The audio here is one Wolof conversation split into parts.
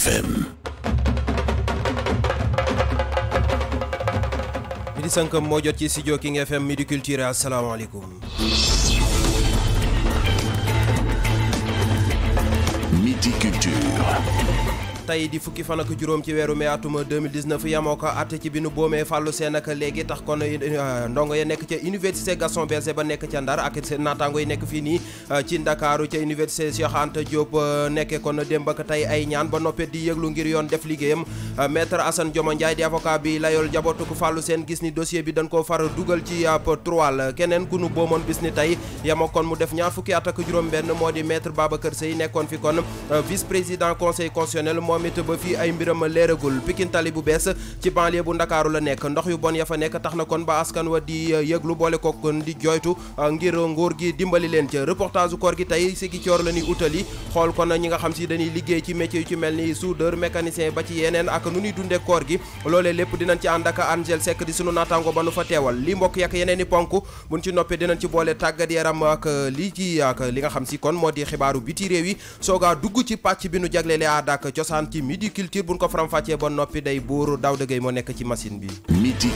FM. mi di sànq moo jot ci studio FM Midi Culture asalaamaaleykum. Midi tay di fukki fan ak juroom ci wéru mai atuma 2019 yamoko atté ci binu nu fallu fàllu ak tax kon eh, ndongo ya nek ci université garçon Berger ba nek ci Ndar ak seen natango yi nek fii nii eh, ci Ndakaaru ci université Cheikh Anta Diop eh, nek kon démb ak tay ay ñaan ba noppé di yeglu ngir yoon def ligéyam maître Assane Dioma Ndjay di avocat bi layol njabootu ko fallu sen gis ni dossier bi dañ ko far dugal ci ab troal kenen ku nu boomoon bis ni tay yamoo kon mu def ñaar fukki at ak juróom benn di maître Babacar Sey nekkon fi kon vice président conseil constitutionnel moom it ba fii ay mbiram leeragul Pikine tali bu bees ci banlieue bu ndakaaru la nekk ndox yu bon ya fa nekk tax na kon ba askan wa di uh, yëglu boole ko di joytu uh, ngir nguur gi dimbali leen ca reportage koor gi tey Sigicoor la utali xool kon ñi nga xam si dañuy liggéey ci métier yu ci mel ni soudeur mécanicien ba ci yeneen ak nu ñuy dundee koor gi loolee lépp dinañ ci ànd ak Angel Seck di sunu naataango ba nu fa teewal li mbokk yak yeneen i ponk buñ ci noppee dinañ ci boole tàggat yaram ak uh, li ci di xibaaru biti réew yi soogaa dugg ci waxtaan ci midi culture buñ ko faram-fàccee ba noppi day buuru Daouda Gueye moo nekk ci machine bi. midi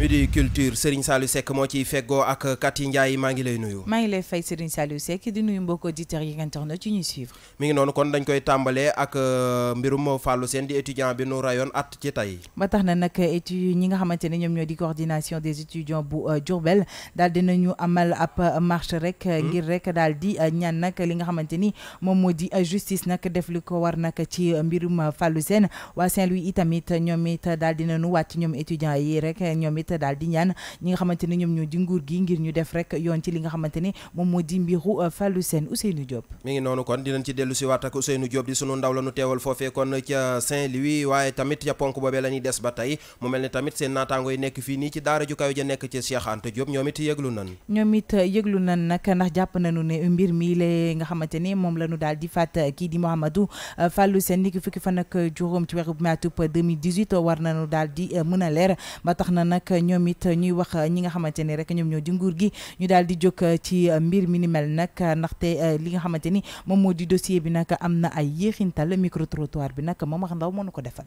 midi culture Serigne Saliou Sek mo ci fego ak Kati Ndiaye ma ngi lay nuyu. ma ngi lay fay Serigne Saliou Sek di nuyu mbokk auditeurs yi internet ci ñuy suivre. mi ngi noonu kon dañ koy tambalé ak euh, mbirum Fallou sen di étudiant bi nu rayon at ci tay ba tax na nak études ñi nga xamanteni ñom ñoo di coordination des étudiants bu euh, Djourbel, dal dina nañu amal ap euh, marche rek. Hmm? ngir rek dal di ñaan nak li nga xamanteni mom mo di justice nak def li ko war nak ci mbirum Fallou sen wa Saint-Louis itamit ñom it dal di nañu wàcc ñom étudiants yi rek ñom it te daal di ñaan ñi nga xamante ne ñoom ñoo di nguur gi ngir ñu def rek yoon ci li nga xamante ne moom moo di mbiru euh, Fallou Sène Ousseynou Diop mi ngi noonu kon dinañ ci dellu waat ak Ousseynou di sunu ndaw la nu teewal foofee kon ca Saint-Louis waaye tamit ca ponk boobee la ñuy yëglu nan ñoom euh, yëglu nan nag ndax jàpp nañu ne mbir mi la nga xamante moom la ñu di faat euh, kii di Mouhamadou Fallou Sène ni ki fukki fan ak juróom ci weeru mai 2018 war nañu daal di mën a leer ba tax na nag ñoom it ñuy wax ñi nga xamante ni rek ñoom ñoo di nguur gi ñu daal di jóg euh, ci euh, mbir mi ni mel nag euh, ndaxte li nga xamante ni moom moo di dossier bi nag am na ay yéexintal micro trottoir bi nag moom wax ndaw moo nu ko defal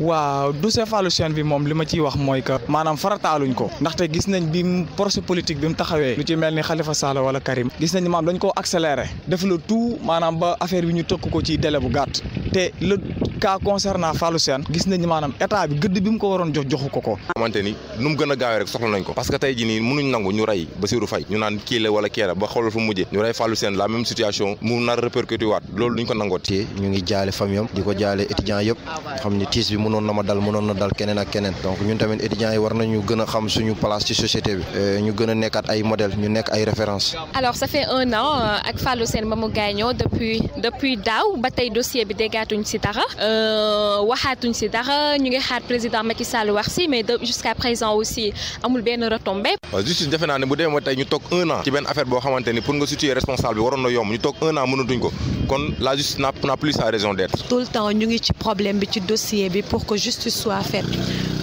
waaw Doucet Fallou Sène bi moom li ma ciy wax mooy que maanaam farataaluñ ko ndaxte gis nañ bi force politique bi mu taxawee lu ci mel ni Khalifa Sall wala Karim gis nañu maam dañ ko accéléré def le tout maanaam ba affaire bi ñu tëkk ko ci délai bu gàtt te le cas concernant Fallou Sène gis nañu manam état bi gëdd bi mu ko waroon jox joxu ko ko xamante ni nu mu gën a rek soxla nañ ko parce que tey ji nii mënuñ nangu ñu ba Bassirou Fay ñu naan kii la wala kii la ba xoolal fu mujjee ñu ray Fallou Sène la même situation mu nar répercuté wat loolu ñu ko nangoté ñu ngi jaalé famille di ko jaale étudiant yëpp xam ni tiis bi mënon na ma dal mënon na dal keneen ak keneen donc ñun tamit étudiant yi war nañu gëna xam suñu place ci société bi euh, ñu gëna nekkat ay modèle ñu nekk ay référence alors ça fait un an euh, ak Fallou Sène ba mu gaañoo depuis depuis daw ba tay dossier bi déggaatuñ ci dara euh, euh, waxaatuñ ci dara ñu ngi xaar président Macky Sall wax ci mais jusqu'à présent aussi amul benn retombée. waaw justice defe naa ne bu demee ba ñu tok 1 an ci benn affaire bo xamanteni pour nga situer responsable bi waron na yomb ñu tok 1 an mënatuñ ko kon la justice n'a plus sa raison d'être. tout le temps ñu ngi ci problème bi ci dossier bi pour que justice soit faite.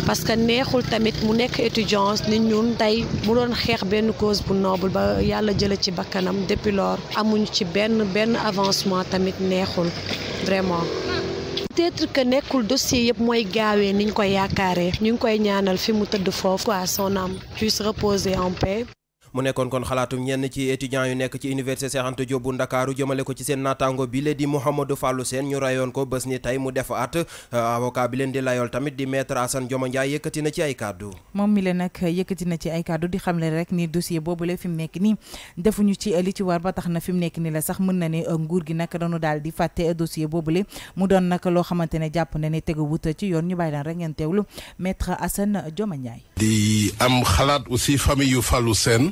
parce que neexul tamit mu nek étudiant ni ñun tay mu doon xeex benn cause bu noble ba yalla jël ci bakanam depuis lors amuñu ci benn benn avancement tamit neexul vraiment peut-être nekkul dossier yëpp mooy gaawee ñu koy yaakaaree ñu ngi koy ñaanal fi mu tëdd foofu quoi son âme puisse reposer en paix mu nekkoon kon xalaatum ñenn ci étudiants yu nekk ci université Cheikh Anta Diop bu Ndakaaru jëmale ko ci seen naataango bi le di Mouhamadou Fallou Sène ñu rayoon ko bés tey mu def euh, leen di layool tamit di maître Assane Dioma Ndiaye yëkkati na ci ay kàddu moom mi la nag yëkkati na ci ay kàddu di xamle rek ni dossier boobule fi mu nekk nii defuñu ci li ci war ba tax na fi mu nekk ni la sax mën na ne euh, nguur gi nag daal di fàtte dossier boobule mu doon nag loo xamante ne jàpp na ne tegu wut ci yoon ñu bàyyi daan rek ngeen teewlu maître Assane Dioma Ndiaye am xalaat aussi famille yu Fallou Sène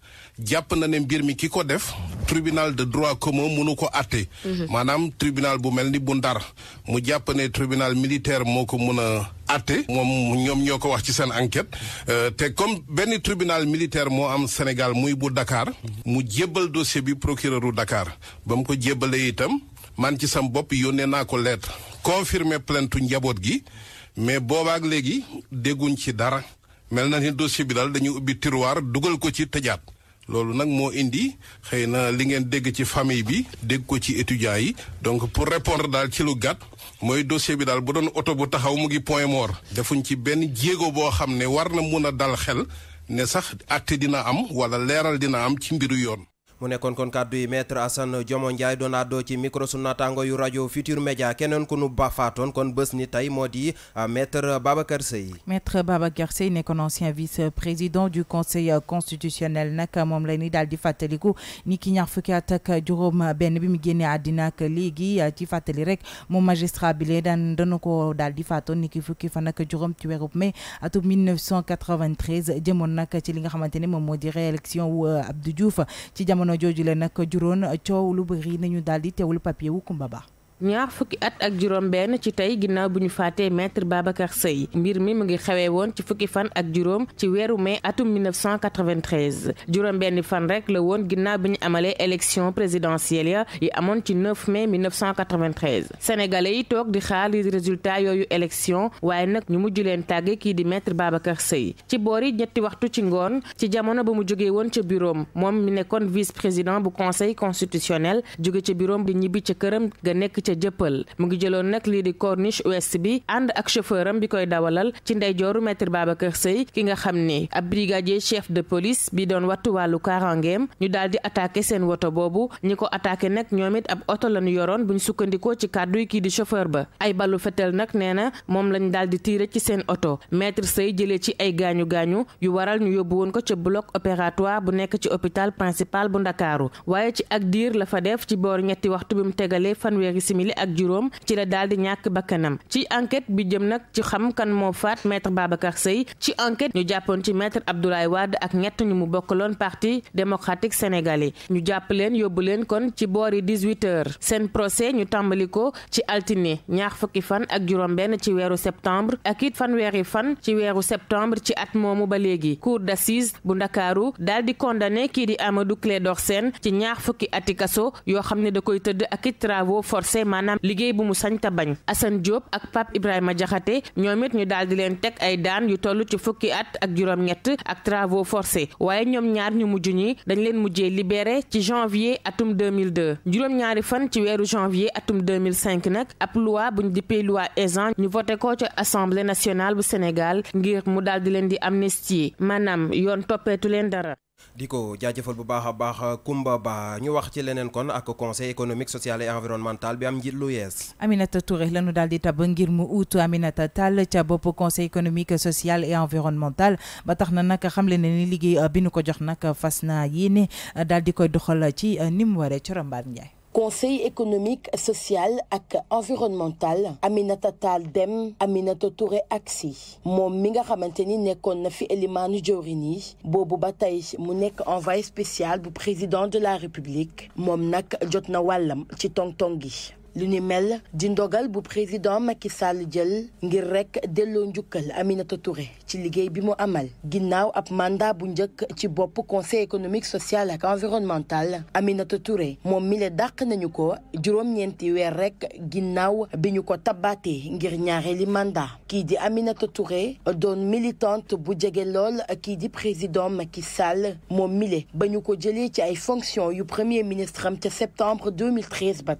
jàpp na ne mbir mi ki ko def tribunal de droit commun mënu ko àtte mhm. maanaam tribunal bu mel ni bu ndar mu jàpp ne tribunal militaire moo ko mën a àtte moom ñoom ñoo ko wax ci seen enquête euh, te comme benn tribunal militaire moo am Sénégal muy bu dakaar mu jébbal dossier bi procureur dakaar Dakar ba mu ko jébbalee itam man ci sam bopp yónnee naa ko lettre confirmer plentu njaboot gi mais boobaak léegi dégguñ ci dara mel na ni dossier bi daal dañu ubbi tiruwaar dugal ko ci tëjaat loolu nag moo indi xëy na li ngeen dégg ci famille bi dégg ko ci étudiants yi donc pour répondre daal ci lu gàtt mooy dossier bi daal bu doon oto bu taxaw mu ngi point mort. defuñ ci benn jéego boo xam ne war na mën a dal xel ne sax àtte dina am wala leeral dina am ci mbiru yoon. mu nekkoon kon kàddu yi maître Assane Diomo Ndiaye ci micro yu radio Futur Media kenen ku nu baafaatoon kon bés ni tey euh, maître Babacar sey maître Babacar Seye nekkoon ancien vice président du conseil constitutionnel nak mom la ñuy daal di fàttaliku ni ki ñaar fukki at ak juróom benn bi mi génnee adina ak léegi ci fateli rek mom magistrat bi lee dan dana ko daal di ni ki fukki fan ak juróom ci weerub mai atum 1993 jëmoon nak ci li nga xamante mom modi réélection euh, Abdou Diouf ci jamono. jamono jooju leen nag juróon coow lu bëri nañu daal di teewul papier wu Kumba Ba ñaar fukki at ak juróom benn ci tey ginnaaw bu ñu faatee maître Babacar Seye mbir mi mu ngi xewee woon ci fukki fan ak juróom ci weeru mai atum 1993 juróom benn fan rek la woon ginnaaw bi ñu amalee élection présidentielle ya yi amoon ci 9 mai 1993 sénégalais yi toog di xaar li résultat yooyu élection waaye nag ñu mujj leen tàgge kii di maître Babacar Seye ci boori ñetti waxtu ci ngoon ci jamono ba mu jógee woon ca bureau moom mi nekkoon vice président bu conseil constitutionnel jóge ca bureau di ñibbi ca këram ga nekk ca jëppal mu ngi jëloon nag lii di corniche ouest bi ànd ak chauffeur am bi koy dawalal ci ndeyjooru maître Babacar sey ki nga xam ab brigadier chef de police bi doon wattu wàllu karangeem ñu daal di attaqué seen woto boobu ñi ko attaqué nag ab oto lañu yoroon buñ sukkandikoo ci kàdduy kii di chauffeur ba ay ballu fetel nag nee na moom lañ daal di tiire ci seen oto maître sey jëlee ci ay gaañu gaañu yu waral ñu yóbbu woon ko ca bloc opératoire bu nekk ci hôpital principal bu Ndakaaru waaye ci ak diir la fa def ci boor ñetti waxtu bi mu tegalee fanweeri simili ak juróom ci la daal di ñàkk bakkanam ci enquête bi jëm nag ci xam kan moo faat maître Babacar Seye ci enquête ñu jàppoon ci maître Abdoulaye Wade ak ñett ñu mu bokkaloon parti démocratique sénégalais ñu jàpp leen yóbbu leen kon ci boori 18 heures seen procès ñu tàmbali ko ci altine ñaar fukki fan ak juróom-benn ci weeru septembre ak it fan fanweeri fan ci weeru septembre ci at moomu ba léegi cour d'assises bu ndakaaru daal di condamné kii di Amadou Clédor da koy tëdd ak it Manam liggéey bu mu sañ ta bañ Assane Diop ak Pape Ibrahima Diakhaté ñoom it ñu daal di leen teg ay daan yu tollu ci fukki at ak juróom-ñett ak travaux forcés waaye ñoom ñaar ñu mujj ñi dañ leen mujjee libéré ci janvier atum 2002 juróom-ñaari fan ci weeru janvier atum 2005 Nak, ab loi buñ dippé loi Ezzan ñu voté ko ci assemblée nationale bu Sénégal ngir mu daal di leen di amnistie manam yoon toppeetu leen dara di ko jaajëfal bu baax a baax Kumba Ba ñu wax ci leneen kon ak conseil économique social et environnemental bi am njiit lu yees. Aminata Touré la ñu daal di tab ngir mu uutu Aminata Tall ca bopp conseil économique social et environnemental ba tax na nag xam leen ni liggéey bi nu ko jox nag fas naa yéene daal di koy doxal ci ni mu waree Corom Mbaar Ndiaye. conseil économique social et environnemental Aminata Tall Dem Aminata Touré ak Mon mi nga fi élimaanu jawriñ Bobo boobu envoyé spécial bu président de la république Mon nak jotnawalam na lu mel di ndogal bu président Macky Sall djel ngir rek delo njukkal Aminata Touré ci liguey bi mo amal ginnaw ab mandat bu njëkk ci bop conseil économique social et environnemental Aminata Touré moom mi le dàq nañu ko juróom ñenti weer rek ginnaw biñu ko tabaté ngir li mandat ki di Aminata Touré doon militante bu jege lol ki di président Macky Sall moom mi le ko jëlee ci ay fonction yu premier ministre am ci septembre 2013 ba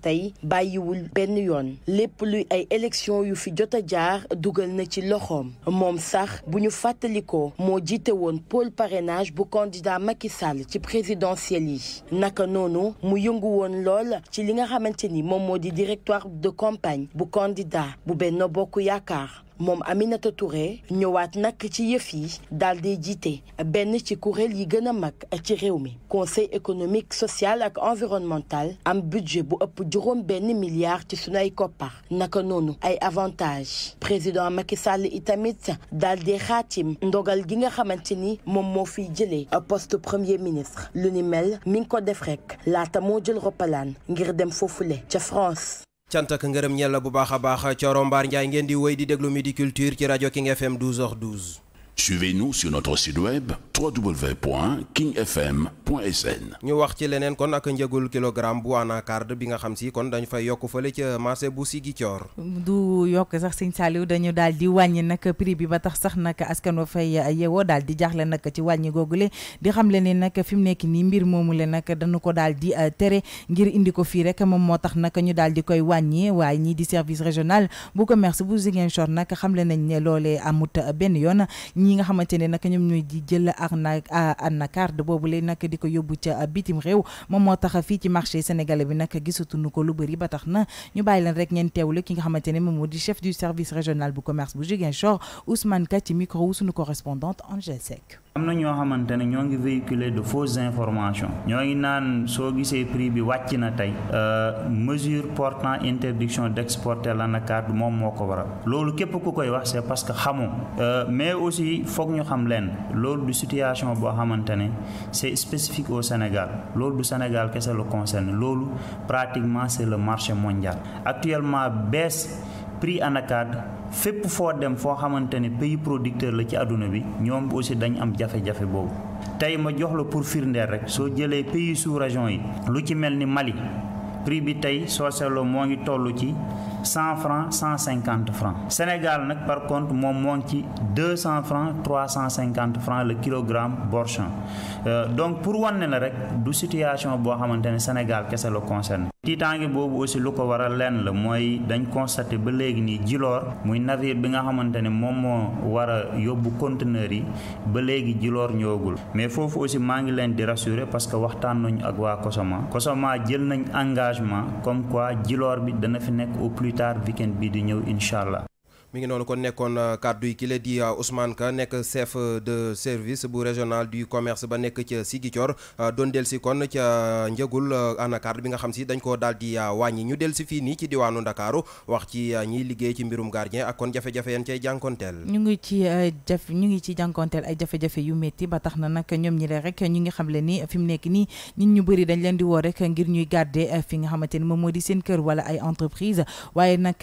bàyyiwul benn yoon lépp luy ay élection yu fi jot a jaar dugal na ci loxoom moom sax bu ñu fàttalikoo moo jiite woon pôle parenage bu candidat Macky Sall ci présidentielle yi naka noonu mu yëngu woon lool ci li nga xamante ni moom moo di directoire de campagne bu candidat bu benn Bokk Yaakaar moom Aminata Touré ñëwaat nag ci yëf yi daal di jiite benn ci kuréel yi gën a mag ci réew mi conseil économique social ak environnemental am budget bu ëpp juróom benn milliard ci sunu ay koppar naka noonu ay avantages président Macky Sall itamit daal di xaatim ndogal gi nga xamante ni moom moo fiy jëlee poste premier ministre lu ni mel mi ngi ko def rek laata moo jël roppalaan ngir dem foofu le ca France. cant ak ngërëm ñeel bu baax a baax Thioro Mbar ngeen di wéy di déglu Midi Culture ci radio King FM 12h12. Suivez-nous sur notre site web www.kingfm.sn. ñu wax ci leneen kon ak njëgul kilogramme bu anacarde bi nga xam si kon dañu fay yokk fële ca marché bu Ziguinchor. du yokk sax sëñ Saliou dañu daal di wàññi nag prix bi ba tax sax nag askan wa fay yeewoo daal di jaaxle nag ci wàññi googule di xam le ne nag fi mu nekk nii mbir moomu le nag dañu ko daal di euh, tere ngir indi ko fii rek moom moo tax nag ñu dal di koy wàññi waaye ñii di service régional bu commerce bu Ziguinchor nag xam le nañ ne loolee benn yoon ñi xaar nag carte bobu lee nak diko ko ci bitim rew momo moo tax fi ci marché sénégalais bi nag gisatuñu ko lu bari ba tax na ñu rek ñen tewlu ki nga xamantene ne di chef du service régional bu commerce bu Ziguinchor Ousmane Kati ci micro wu correspondante en Seck am ñoo de fausses informations portant interdiction d'exporter l'anacarde moom moo képp ku koy c'est parce que euh, mais aussi ñu xam du situation boo spécifique au Sénégal loolu du Sénégal kese la concerne loolu pratiquement c'est le marché mondial actuellement baisse prix anacarde fépp foo dem foo xamante ne pays producteur la ci àdduna bi ñoom aussi dañ am jafe-jafe boobu tey ma jox la pour firndeel rek soo jëlee pays sous région yi lu ci mel ni Mali prix bi tey soo seetloo moo ngi toll ci 100 francs 150 francs Sénégal nak, par contre moom manque 200 francs 350 francs le kilogramme borchon euh, donc pour wan la rek du situation au Sénégal, quest Sénégal kese le concerne tangi boobu aussi lu ko waral lenn la mooy dañ constaté ba léegi nii Djilor muy navire bi nga xamante ne moom moo war a yóbbu conteneur yi ba léegi Djilor ñëwagul mais foofu aussi maa ngi leen di rassurer parce que waxtaan nañu ak waa Kosoma Kosoma jël nañ engagement comme quoi Djilor bi dana fi nekk au plus plus tard weekend bi di ñëw incha allah. mi ngi noonu kon nekkoon euh, kàddu yi ki la di euh, Ousmane Ka nekk chef euh, de service bu régional du commerce ba nekk ca Ziguinchor doon del si kon ca njëgul anacarde bi nga xam si dañ koo daal di wàññi ñu del si fii nii ci diwaanu Ndakaaru wax ci ñiy liggéey ci mbirum gardien ak kon jafe-jafe yeen cay ñu ngi ci jaf ñu ngi ci jànkonteel ay jafe yu métti ba tax na nag ñoom ñi lee rek ñu ngi xam le ni fi mu nekk nii nit ñu bëri dañ leen di woo rek ngir ñuy garder fi nga xamante ni moom moo di seen kër wala ay entreprise waaye nag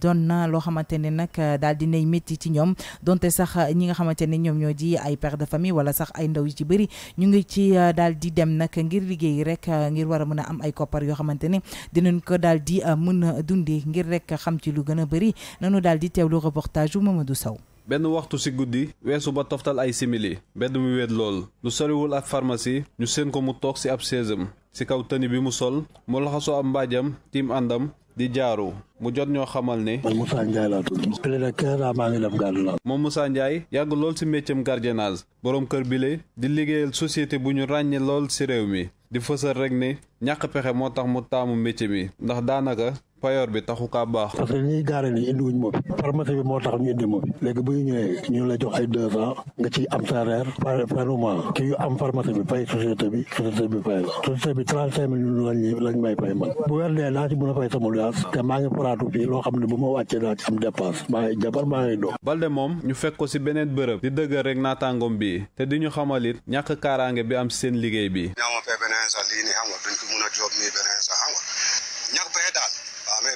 doon na loo xamante ne ne nag euh, daal di nay métti ci ñoom donte sax euh, ñi nga xamante ne ñoom ñoo ji ay père de famille wala sax ay ndaw yu ci bëri ñu ngi ci euh, daal di dem nag ngir liggéey rek ngir war a mën a am ay koppar yoo xamante ne dinañ ko daal di mën a dundee ngir rek xam ci lu gën a bëri nanu daal di teewlu reportage bu du saw benn waxtu ci guddi weesu ba toftal ay simili mbedd mi wéet lool lu soriwul ak pharmacie ñu seen ko mu toog ci ab séesam ci kaw tëni bi mu sol mu laxasoo ab mbaajam tiim àndam di jaaru mu jot ñoo xamal ne. man Moussa Ndiaye laa tudd. moom Moussa Ndiaye yàgg lool ci méccam gardiennage boroom kër bile di liggéeyal société bu ñu ràññee lool ci réew mi di fësal rek ne ñàkk pexe moo tax mu taamu mécc mi ndax daanaka payor bi taxu ka bax parce que ni gaare ni indi wuñ mo bi pharmacie bi mo tax ñu indi mo bi léegi bu ñëwé ñu la jox ay deux ans nga ci am salaire par par ki yu am pharmacie bi fay société bi société bi fay la société bi trente cinq mille lañ lañ may fay man bu weer dee naa ci mën a fay sama luyaas té ma ngi foratu fii lo xam bu ma wàccee da ci am dépense ma ngi jabar ma ngi do balde mom ñu fekk ko ci benen bërëb di dëgg rek na tangom bi té di ñu xamalit ñak karangé bi am seen liggéey bi ñama fee benen sax li ni xam nga duñ ko mëna job ni benen sax xam nga ñàkk pexe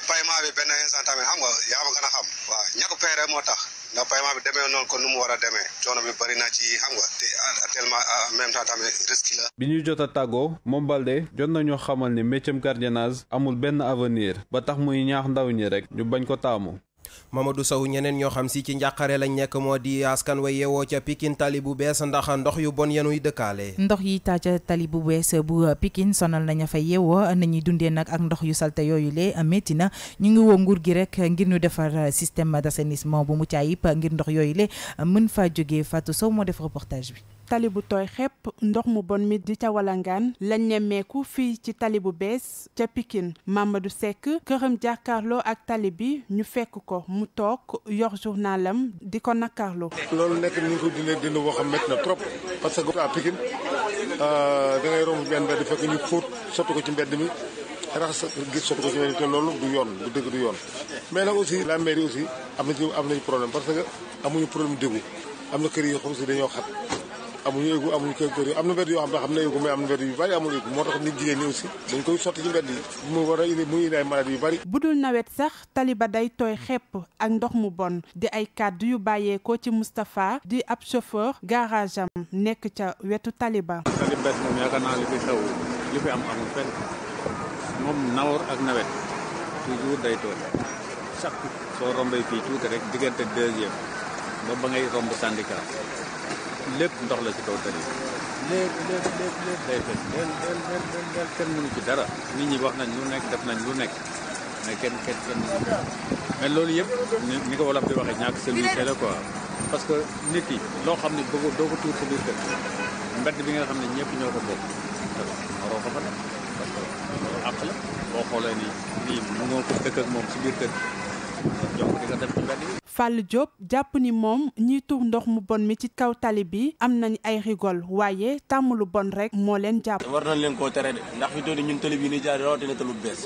paiement bi benn instant tamit xam nga yaa ma gën a xam waaw ñàkk peere moo tax ndax paiement bi demee noonu ko nu mu war a demee coono bi bëri na ci xam nga te tellement en même tamit risque la. bi ñuy jot a tàggoo moom Balde jot nañoo xamal ni méccam gardiennage amul benn avenir ba tax muy ñaax ndaw ñi rek ñu bañ ko taamu. Mamadou Sow ñeneen ñoo xam si ci njàqare lañ nekk moo di askan wa yeewoo ca Pikine tali bu bees ndax ndox yu bon yenuy dëkkaale ndox yi taa ca tali bu bees bu pikin sonal nañu fa yeewoo nañuy dundee nag ak ndox yu salte yooyu le métti na ñu ngi woo nguur gi rek ngir ñu defar système d'assainissement bu mu mucc ayib ngir ndox yooyu le mën faa jógee Fatou Sow moo def reportage bi tali bu tooy xepp ndox mu bon mi di ca walangaan lañ nemmeeku fii ci tali bu bees ca pikin maam Pikine Mamadou Seck këram jàkkaarloo ak tali bi ñu fekk ko mu toog yor journalam di ko nakkaarloo loolu nekk mu ñu ko dindee dina boo xam métti na trop parce que à Pikine euh, da ngay romb benn mbedd fekk ñu fóot sotti ko ci mbedd mi raxas gis sotti ko ci mbedd mi te loolu du yoon du dëgg du yoon mais nag aussi la mairie aussi am nañu am nañu problème parce que amuñu problème déggu am na kër yi xam si dañoo xat amuñu égout amul kër kër yi am na mbedd yoo xam ne xam na égout mais am na mbedd yu bari amul égout moo tax nit jigéen ñi aussi dañ koy sotti ci mbedd yi mu war a indi muy indi ay maladies yu bari bu nawet sax taliba day tooy xepp ak ndox mu bon di ay kàddu yu bàyyee ko ci Moustapha di ab chauffeur garage nekk ca wetu taliba taliba moom yaakaar naa li fi xew li fi am amul fenn moom nawoor ak nawet toujours day tooy chaque soo rombee fii tuuti rek diggante deuxième ba ba ngay romb syndicat lépp ndox la ci kaw tali lépp lépp lépp lépp day kenn mënu ci dara nit ñi wax nañ lu nekk def nañ lu nekk mais kenn kenn kenn mais loolu yëpp ni ko wolof di waxee ñàkk soluté la quoi parce que nit yi loo xam ne bëgg doo ko tuur sa biir kër mbedd bi nga xam ne ñëpp ñoo ko bokk waroo ko fa def parce que àq la boo xoolee ni nii mu moom si biir kër fàll dem jàpp ni moom ñiy tuur ndox mu bon mi ci kaw tali bi am nañ ay rigol waaye tàmm lu bon rek moo leen jàpp. war nañ leen koo tere de ndax fi doon ñun tali bii ni jaar rawatina tali bu bees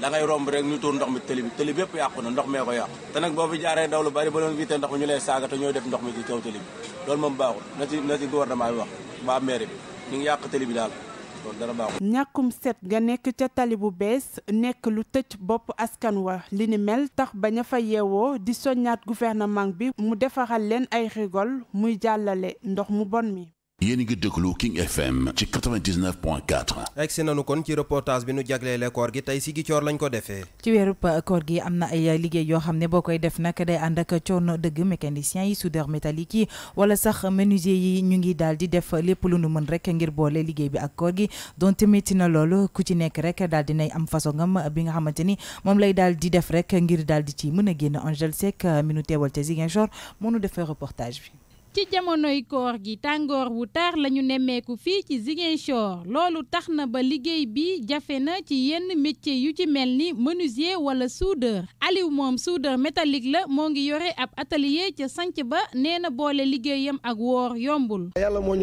da ngay romb rek ñu tuur ndox mi tali bi tali bi yëpp yàqu na ndox mee ko yàqu. te nag boo fi jaaree daw lu bari ba doon viite ndox mi ñu lay saaga te ñoo def ndox mi ci kaw tali bi loolu moom baaxul na ci na ci gouvernement bi wax waa maire bi ñu ngi yàq tali bi daal ñàkkum set nga nekk ca tali bu bees nekk lu tëj boppu askan wa li ni mel tax bañ a fa yeewoo di soññaat gouvernement bi mu defaral leen ay rigol muy jàllale ndox mu bon mi yéen ngi déglu King FM ci 99.4. egsi nanu kon ci reportage bi nu jagleele koor gi tey si gi coor lañ ko defee. ci weeru koor gi am na ay liggéey yoo xam ne boo koy def nag day ànd ak coono dëgg mécanicien yi soudeur métallique yi wala sax menuisier yi ñu ngi daal di def lépp lu nu mën rek ngir boole liggéey bi ak koor gi donte métti na loolu ku ci nekk rek daal di nay am façongam bi nga xamante ni moom lay daal di def rek ngir daal di ci mën a génn Angèle Seck mi nu teewal ca Ziguinchor moo nu defee reportage bi. ci jamonoy koor gi tàngoor wu taar lañu nemmeeku fii ci Ziguinchor loolu tax na ba liggéey bi jafe na ci yenn métier yu ci mel ni menuisier wala soudeur Aliou moom soudeur métallique la moo ngi yore ab atelier ca sanc ba neena na boole liggéeyam ak woor yombul. yàlla moo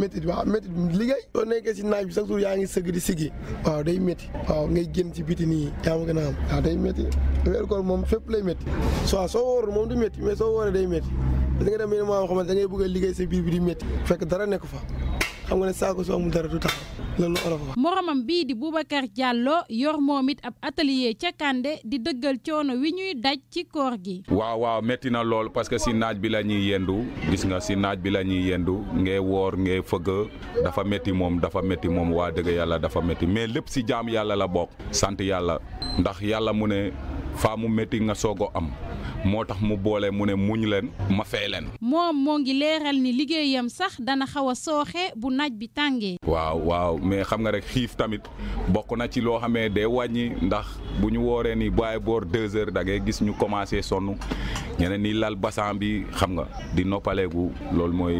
métti waaw métti liggéey boo nekkee si naaj bi chaque jour yaa ngi sëgg di siggi waaw day métti waaw ngay génn ci biti nii yaa ma a am waaw day métti weeru moom fépp lay métti soit soo wóorul moom du métti mais soo wóoree day métti da nga dem yeneen maa da ngay bëgg a liggéey sa biir bi di métti fekk dara nekk fa xam nga ne saako su amul dara du taxaw loolu olof wax moromam bii di Boubacar Diallo yor moom it ab atelier ca Kande di dëggal coono wi ñuy daj ci koor gi. waaw waaw métti na lool parce que si naaj bi la ñuy yendu gis nga si naaj bi la ñuy yendu ngay woor ngay fëgg dafa métti moom dafa métti moom waa dëgg yàlla dafa métti mais lépp si jaam yàlla la bokk sant yàlla ndax yàlla mu ne faa mu métti nga soog am. moo tax mu boole mu ne muñ leen ma fay leen. moom moo ngi leeral ni liggéeyam sax dana xaw a sooxe bu naaj bi tàngee. waaw waaw mais xam nga rek xiif tamit bokk na ci loo xamee day wàññi ndax bu ñu wooree ni bàyyi boor deux heures gis ñu commencé sonn ñeneen ni lal basan bi xam nga di noppaleegu loolu mooy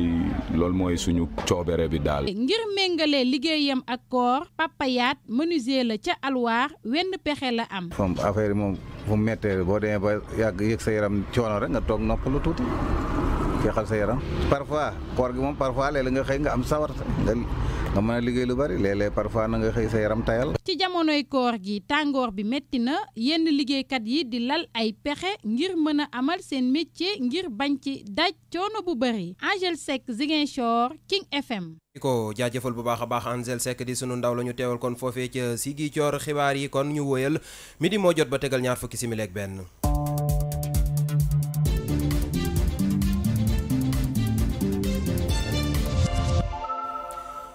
loolu mooy suñu coobere bi daal. ngir méngale liggéeyam ak koor papayaat menuisier la ca alwaar wenn pexe la am. affaire moom. bu mu méttee boo demee ba yàgg yëg sa yaram coono rek nga toog noppalu tuuti. jeexal sa yaram parfois koor gi moom parfois léeg-léeg nga xëy nga am sawar nga nga mën liggéey lu bari léeg parfois na nga xëy sa yaram tayal ci jamonoy koor gi tàngoor bi métti na yenn liggéeykat yi di lal ay pexe ngir mën a amal seen métier ngir bañ ci daj coono bu bari Angel Seck Ziguinchor King FM di ko jaajëfal bu baax a baax Angel Seck di sunu ndaw la ñu teewal kon foofee ca Ziguinchor xibaar yi kon ñu mi midi moo jot ba tegal ñaar fukki simili ak benn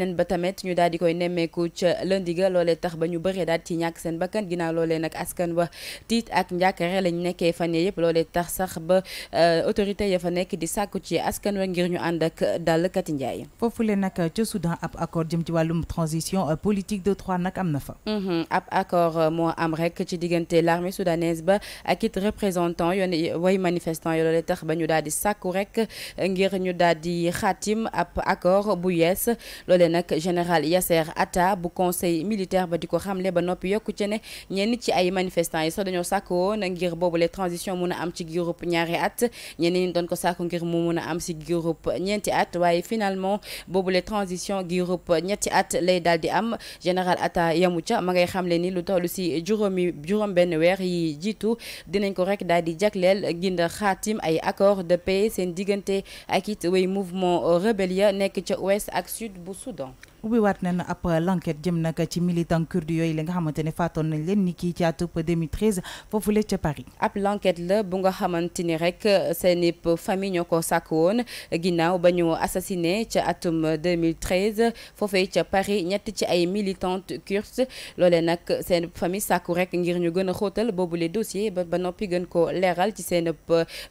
beneen ba ñu daal di koy nemmeeku ca lundi ga loolee tax ba ñu bëree daal ci ñàkk seen bakkan ginnaaw loolee nag askan wa tiit ak njàkkare lañ nekkee fan yépp loolee tax sax ba euh, autorité ya fa nekk di sàkku ci askan wa ngir ñu ànd ak dal Kati Ndiaye. foofu le nag ca Soudan ab accord jëm ci wàllum transition euh, politique de trois nag am na fa. Mmh, ab accord euh, moo am rek ci diggante l'armée soudanaise ba ak it représentant yoon way manifestant yo loolee tax ba ñu daal di sàkku rek ngir ñu daal di xaatim ab accord bu yees loolee nak général Yasser Atta bu conseil militaire ba di ko xamle ba noppi yokku ci ne ñen ci ay manifestants yi sax dañoo sàkk woon ngir boobule transition mun a am ci Europe ñaari at ñenn ñi don ko sàkku ngir mu mun am ci Europe ñenti at waye finalement boobule transition Europe ñetti at lay daldi am général Atta yamu ca ma ngay xamle ni lu toll ci juróomi juróom-benn wèr yi jitu dinañ ko rek daldi jaklel ginde khatim ay accord de paix sen digënté ak it way mouvement rébellion nek ci ouest ak sud bu sud producto. waat nañ ab l'enquête jëm nag ci militant kurde yooyu li nga xamante ne faatoon nañ leen ni kii ci atub 2013 foofule ca Paris. ab l'enquête la bu nga xamante ni rek seen i famille ñoo ko sàkk woon ginnaaw ba ñu assassiné ca atum 2013 foofee ca Paris ñett ci ay militante kurde loolee nag seen famille sàkku rek ngir ñu gën a xóotal le dossier ba ba noppi gën ko leeral ci seen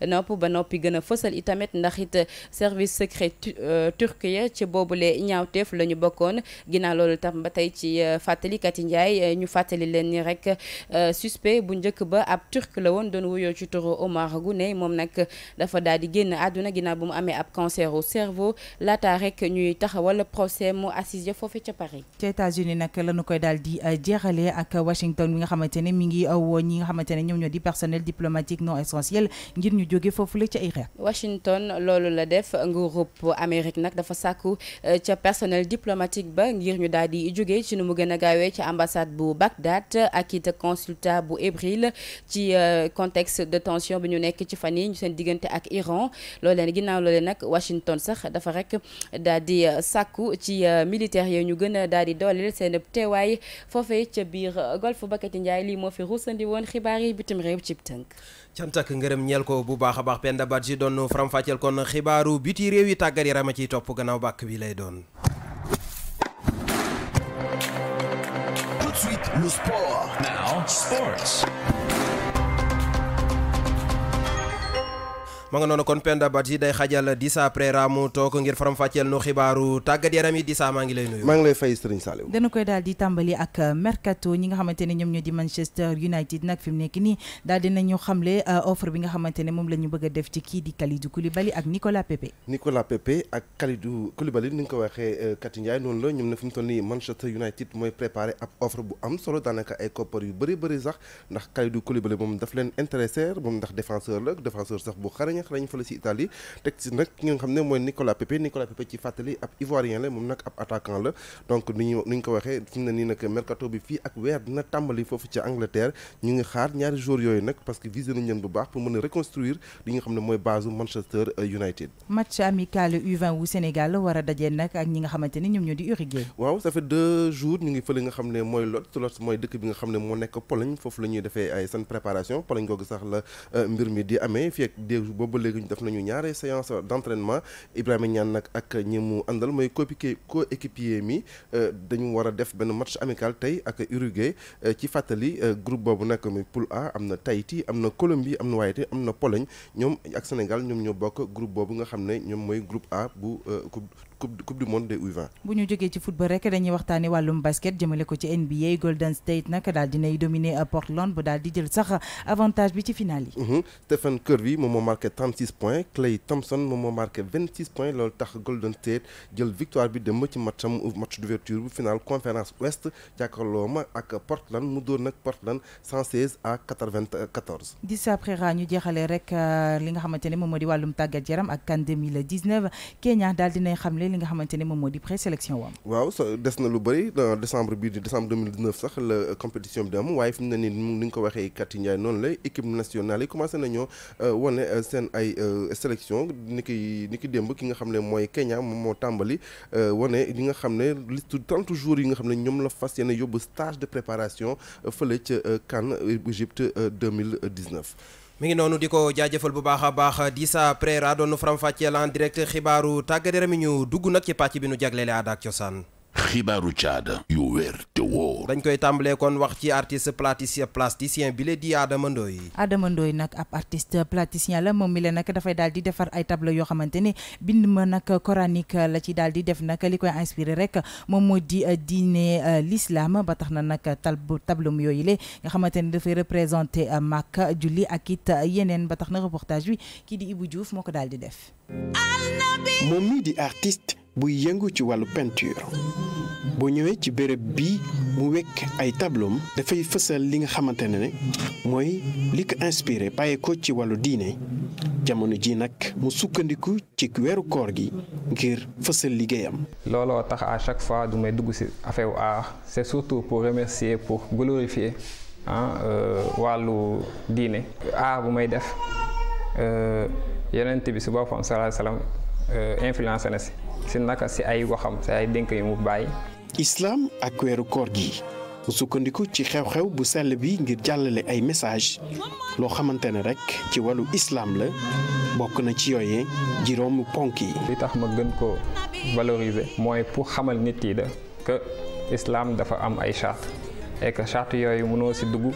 nopp ba noppi gën a fësal itamit ndax it service secret euh, turquie ya ci boobule ñaawteef la ñu bokk nekkoon gina loolu tam ba tey ci euh, fatali Kati Ndiaye euh, ñu fatali len ni rek euh, suspect bu njëkk ba ab turc la won doon wuyoo ci toro Omar Gune mom nak dafa daldi genn aduna gina bu mu amé ab cancer au cerveau laataa rek ñuy taxawal procès mu assise ya foofe ca Paris. ci États-Unis nak lañu koy daal di ak Washington bi nga xamante ne mi ngi woo ñi nga xamante ñom ñoo di personnel diplomatique non essentiel ngir ñu joggé fofu foofu ci ay Irak. Washington lolou la def nguurub Amérique nak dafa sàkku ci personnel diplomatique diplomatique ba ngir ñu daal di ci nu mu gën a ci ambassade bu Bagdad ak it consulat bu Ébril ci euh, contexte de tension bi ñu nekk ci fani ñu seen diggante ak Iran loolee ginnaw lolé nak Washington sax dafa rek daal di euh, ci euh, militaire yooyu ñu gëna a daal seen téway fofé ci biir golfe Bakati Ndiaye li mo fi ruusandi won xibaar yi bitim réew cib tënk. cant ak ngërëm ñeel ko bu baax baax Penda Badji doon faram-fàcceel kon xibaaru biti réew yi tàggat yi a ciy topp gannaaw bàkk bi lay doon. Sport. Now, sports. ma nga noonu kon Penda day xajal Disa Préra mu toog ngir faram-fàcceel nu xibaaru tàggat yaram yi Disa maa ngi lay nuyu. maa ngi lay fay Serigne Saliou. dana koy daal di tàmbali ak mercato ñi nga xamante ne ñoom ñoo di Manchester United nag fi nekk nii daal nañu xamle euh, offre bi nga xamante ne moom la ñu bëgg a def ci kii di Kalidou Koulibaly ak Nicolas Pepe. Nicolas Pepe ak Kalidou Koulibaly ni nga ko waxee euh, Kati noonu la ñoom na fi toll nii ràññee ràññee fa la si Italie tek ci nak ki nga xam ne mooy Nicolas Pepe Nicolas Pepe ci fàttali ab Ivoirien la moom nag ab attaquant la donc ni ñu ko waxee fi mu ne nii nag mercato bi fii ak weer dina tàmbali foofu ci Angleterre ñu ngi xaar ñaari joueurs yooyu nag parce que visé nañ leen bu baax pour mën a reconstruire li nga xam ne mooy base Manchester euh, United. match amical U20 wu Sénégal war a daje nag ak ñi nga xamante ni ñoom ñoo di Uruguay. waaw ça fait deux jours ñu ngi fële nga xam ne mooy lot Lodz mooy dëkk bi nga xam ne moo nekk Pologne foofu la ñuy defee ay seen préparation Pologne googu sax la euh, mbir mi di amee fii ak boobu ba léegi ñu def nañu ñaare séance d' entraînement Ibrahima Niane nag ak ñi mu àndal mooy copier coéquipier mi euh, dañu war def benn match amical tey ak Uruguay euh, ci fàttali euh, groupe boobu nag muy poule A am na Tahiti am na Colombie am na waaye te am na Pologne ñoom ak Sénégal ñoom ñoo bokk groupe boobu nga xam ne ñoom mooy groupe A bu coupe coupe du monde des U20. bu ñu jógee ci football rek dañuy waxtaanee walum basket jëmele ko ci NBA Golden State nag daal dinay dominer à Portland bu dal di jël sax avantage bi ci finale yi. Mhm. Stephen Curry moom moo marqué 36 points Clay Thompson moom moo marqué 26 points lol tax Golden State jël victoire bi dem ci matcham match d'ouverture bu finale conférence ouest jàkkaarloo ma ak Portland mu dóor nak Portland 116 à 94. d'ici après ra ñu jéxalé rek euh, li nga xamanté ni moom moo di wàllum tàggat yaram ak CAN 2019 Kenya daal dinay xamle li nga xamante ne moom waaw na lu décembre 2019 sax la compétition bi équipe nationale commencé nous, euh, wane euh, ay euh, sélection ki nga Kenya la de préparation nous, 2019 mi ngi noonu di ko jaajëfal bu baax a baax Dissa Preira doon nu faram-fàcceel en direct xibaaru tàggat-yaram yi ñu dugg nag ci pàcc bi nu jaglelee aada ak cosaan. xibaaru caada yu wér te wóor dañ koy tàmbalee kon wax ci artiste plasticien plasticien bi la di Adama Ndoye Adama Ndoye nag ab artiste plasticien la moom mi leen nag dafay daal di defar ay tableau yoo xamante ni bind ma nag coranique la ci daal di def nag li koy inspiré rek moom moo di diine euh, l'islam ba tax na nag talbu tableau mu yooyu le nga xamante ni dafay représenté euh, Makka julli ak it euh, yeneen ba tax na reportage bi kii di Ibou Diouf moo ko daal di def buy yëngu ci wàllu peinture bo ñëwee ci béréb bi mu wekk ay tableau dafay fësal li nga xamante ne ne mooy li ko inspiré bàyyee ko ci wàllu diine jamono ji nag mu sukkandiku ci weeru koor gi ngir fësal liggéeyam. looloo tax à chaque fois du may dugg si affaire art c'est surtout pour remercier pour glorifier ah wàllu diine. a bu may def euh, yeneen bi si boppam salaasalaam. Euh, influencé na si si naka si ay waxam si ay dénk yu mu bàyyi. islam ak weeru koor gi mu sukkandiku ci xew-xew bu sell bi ngir jàllale ay message loo xamante ne rek ci wàllu islaam la bokk na ci yooyee juróomu ponk yi. li tax ma gën ko valoriser. mooy pour xamal nit yi da que islam dafa am ay chart et chart yooyu mënoo si dugg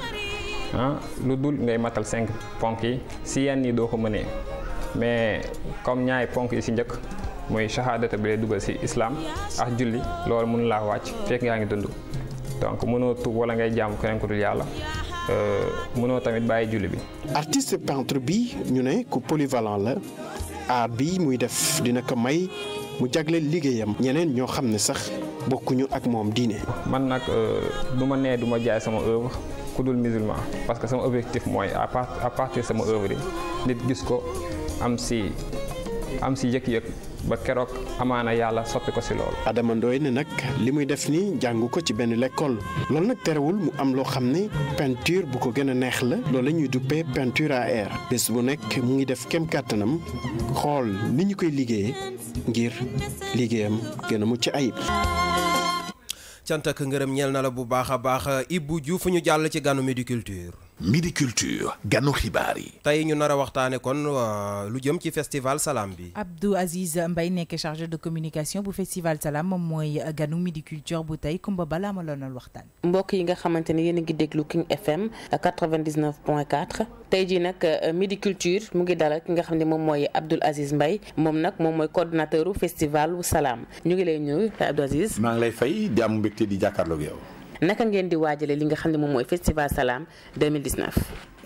ah lu dul ngay matal cinq ponk yi si yenn yi doo ko mënee. mais comme ñaari ponk yi si njëkk muy shahadata bi lay dugal ci islam ak julli loolu mënu la wacc fekk nga ngi dund donc mëno tu wala ngay jaamu keneen ku dul yalla euh mëno tamit baye julli bi. artiste peintre bi ñu né ku polyvalent la art bi muy def dina ko may mu jagleel ligéyam ñeneen ño xamné ne sax bokkuñu ak mom diiné man nak euh, du ma nee du jaay sama œuvre ku dul musulman parce que sama objectif moy à partir sama œuvre yi nit gis ko. am si am si yëg-yëg ba keroog amaana yàlla soppi ko si lool Adama Ndoye ne nag li muy def nii jàngu ko ci benn lekkool loolu nag terewul mu am loo xam peinture bu ko gën a neex la loolu ñuy duppee peinture à air bés bu nekk mu ngi def kem kàttanam xool ni ñu koy liggéeyee ngir liggéeyam gën a mucc ayib. cant ngërëm ñeel na la bu baax a baax Ibou Diouf ñu jàll ci ganu médiculture Midi Culture ganu xibaar yi. tey ñu nar a waxtaanee kon euh, lu jëm ci festival Salam bi. Abdou Aziz Mbaye nekk chargé de communication pour festival Salam moom mooy ganu Midi Culture bu tey Kumba balaa ma loonal waxtaan. mbokk yi nga xamante ne yéen a ngi King FM 99.4 tey jii nag euh, Midi Culture mu ngi dalal ki nga xam ne moom Abdou Aziz Mbaye moom nag moom mooy coordonnateur festival Salam ñu ngi lay nuyu Abdou Aziz. maa ngi lay fay di am di jàkkaarloog yow. naka ngeen di waajale li nga xam ne moom mooy festival salaam 2019.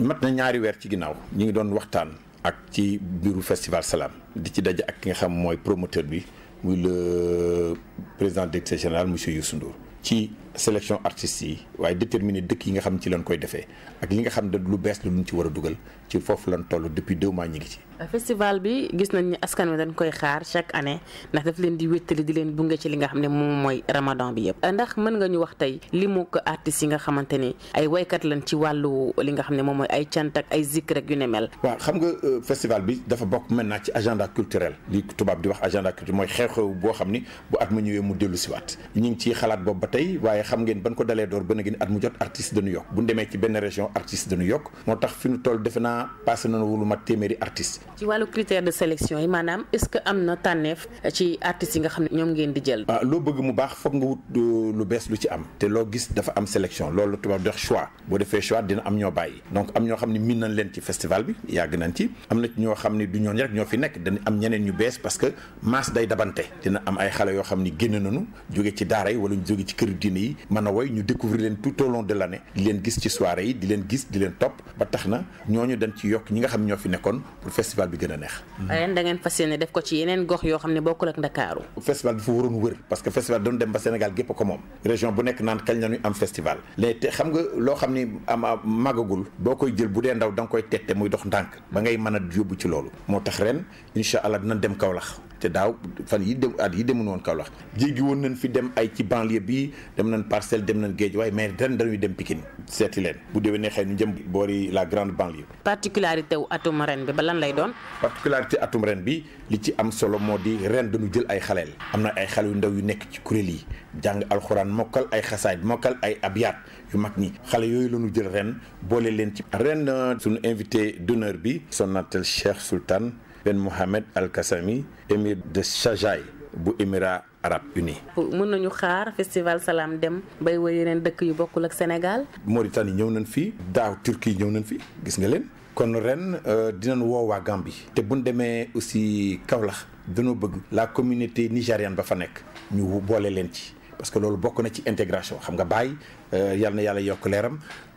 mat na ñaari weer ci ginnaaw ñu ngi doon waxtaan ak ci biiru festival salaam di ci daje ak ki nga xam mooy promoteur bi muy le président directeur général monsieur Youssou ci sélection artistes yi waaye déterminer dëkk yi nga xam ci lañ koy défé ak li nga xam ne lu bees lu luñ ci wara duggal ci fofu lañ tollu depuis 2 mois ñi ngi ci. Euh, festival bi gis nañ ni askan wi dañ koy xaar chaque année ndax daf leen di wéttali di leen bungé ci li nga xam ne moom mooy ramadan bi yépp ndax mën nga ñu wax tay li mu ko artistes yi nga xamanté ni ay waykat lañ ci walu li nga xam ne moom mooy ay tiant ak ay zik rek yu ne mel. wa xam nga euh, festival bi dafa bokk maintenant ci agenda culturel li tubab di wax agenda culturel moy xew-xew boo xam bu at ma ñëwé mu dellu ci waat ñu ngi ciy xalaat boobu ba tey waaye xam ngeen ban ko dalé dor ba ngeen at mu jot artiste de New York bu démé ci benn région artiste de New York motax tax fi ñu toll defe passé nañu wulu mat téeméeri artiste ci walu critère de sélection yi manam est-ce que amna tanef ci artiste yi nga xam ñom ngeen di jël. ah lo bëgg mu baax foog nga wut euh, lu bees lu ci am té lo gis dafa am sélection loolu tubaab di wax choix bo defee choix dina am ño bayyi donc am ño xamni min nañ leen ci festival bi yag nañ ci amna ño xamni du ñoon rek ño fi nek dañ am ñeneen ñu bees parce que masse day dabanté dina am ay xalé yo xamni ne nañu joggé ci daara yi wala ñu jóge ci kër diine yi manaway ñu découvrir len tout au long de l'année di len gis ci soirée yi di len gis di len top ba taxna ñoñu dañ ci yok ñi nga xam ñoo fi nekkoon pour festival bi gëna neex. Mm-hmm. waaye da ngeen fas def ko ci yenen gox yo xamne ne bokkul ak Ndakaaru. festival bi dafa waroon wër parce que festival doon dem ba Sénégal gep ko mom région bu nekk nan kañ lañu am festival léegi xam nga lo xamni am magagul bokoy jël budé ndaw dang koy tété muy dox ndànk ba ngay mëna a ci lolu moo tax ren inshallah allah dina dem kaolax te daaw fan yi dem at yi demoon woon Kaolack jéggi woon nañ fi dem ay ci banlieue bi dem nañ parcelle dem nañ géej waaye mais ren dañuy dem Pikine seeti leen bu déwénee xëy ñu jëm boori la grande banlieue. particularité wu atum ren bi ba lan lay doon. particularité atum ren bi li ci am solo moo di ren dañu jël ay xaleel am na ay xale yu ndaw yu nekk ci kuréel yi jàng alxuraan mokkal ay xasaay mokal ay abyaat yu mag ñi xale yooyu la ñu jël ren boole leen ci. Euh, suñu invité d'honneur bi. Sonatel Cheikh Sultan. Mohamed Al-Kassami, émir de bu Émirats arabes unis. mën nañu xaar festival Salam Dem bay de dëkk yu bokkul ak Sénégal. Mauritanie ñëw nañ Turquie ñëw fi gis ren euh, Gambie te buñ aussi Kaolack la communauté nigériane ba fa nekk ñu parce que loolu bokk na ci intégration xam nga euh,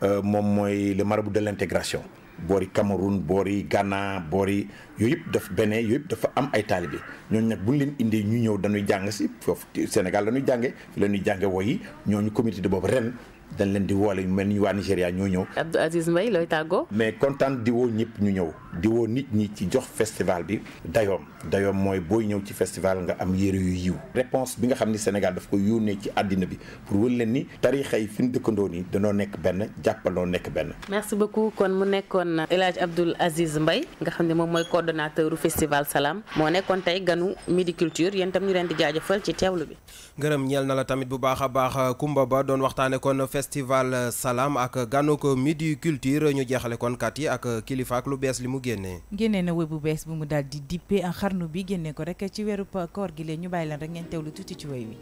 euh, le marabout de l'intégration boori Cameroun boori Ghana boori yooyu yëpp daf benee yooyu yëpp dafa am ay taalibe ñooñu nag bu ñu leen indee ñu ñëw dañuy jàng si foofu Sénégal la ñuy jàngee fi la ñuy jàngee woy yi ñooñu communauté de boobu ren dañ leen di woole ñu mel ni waa Nigéria ñoo ñëw. Abdou Aziz mbay looy tàggoo. mais kontaan di woo ñëpp ñu ñëw di woo nit ñi ci jox festival bi dayoom dayoom mooy booy ñëw ci festival nga am yére yu yiw réponse bi nga xam ni Sénégal daf ko yónnee ci àddina bi pour wën leen ni tarixa yi fi ñu dëkkandoo nii danoo nekk benn jàppaloo nekk benn. merci beaucoup kon mu nekkoon na Hadj Abdoul Aziz mbay nga xam ne moom mooy coordonnateur festival Salam moo nekkoon tey ganu Midi Culture yéen leen di jaajëfal ci teewlu bi. ngërëm ñeel na la tamit bu baax a baax uh, Kumba Ba doon waxtaane kon festival uh, Salam ak ganu ko midi culture ñu jeexale kon kat yi ak uh, kilifa ak lu bees li mu génnee génnee na wéy bu bees bu mu daal di dippee ak xarnu bi génnee ko rek ci weeru koor gi leen ñu bàyyi leen rek ngeen teewlu tuuti ci woy wi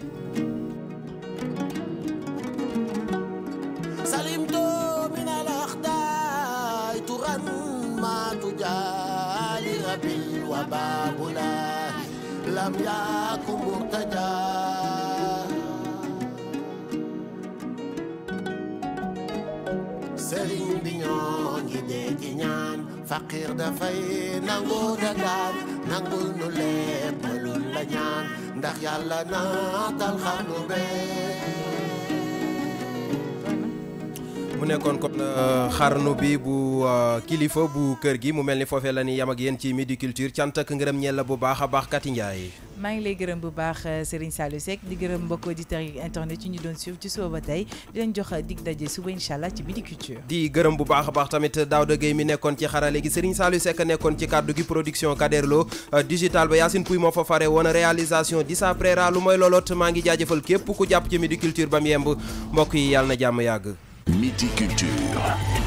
سلمت من الأخطاء تغنى ما تجالي بالوباء بلاد lam yaku murtaja sëriñ bi ñaan faqir dafay nangu dagaan nangul nu lépp lu la ñaan ndax yàlla naatal xarnu bee mu nekkoon kon euh, xarnu bi bu euh, kilifa bu kër gi mu mel ni foofee la ni yam ak yéen ci midi culture cant ak ngërëm ñeel la bu baax a baax Kati Ndiaye. maa ngi lay gërëm bu baax euh, Serigne Sallou Seck di gërëm mbokk auditeurs yi internet yi ñu doon suivre ci suba ba tey di leen jox dig daje suba incha allah ci midi culture. di gërëm bu baax a baax tamit Daouda Gueye mi nekkoon ci xarale gi Serigne Sallou Seck nekkoon ci kàddu gi production Kaderlo digital ba Yacine Pouy moo fa fare woon réalisation di sa préra lu mooy looloot maa ngi jaajëfal képp ku jàpp ci midi culture ba mu yemb mbokk yi yàlla na jàmm yàgg Mythiculture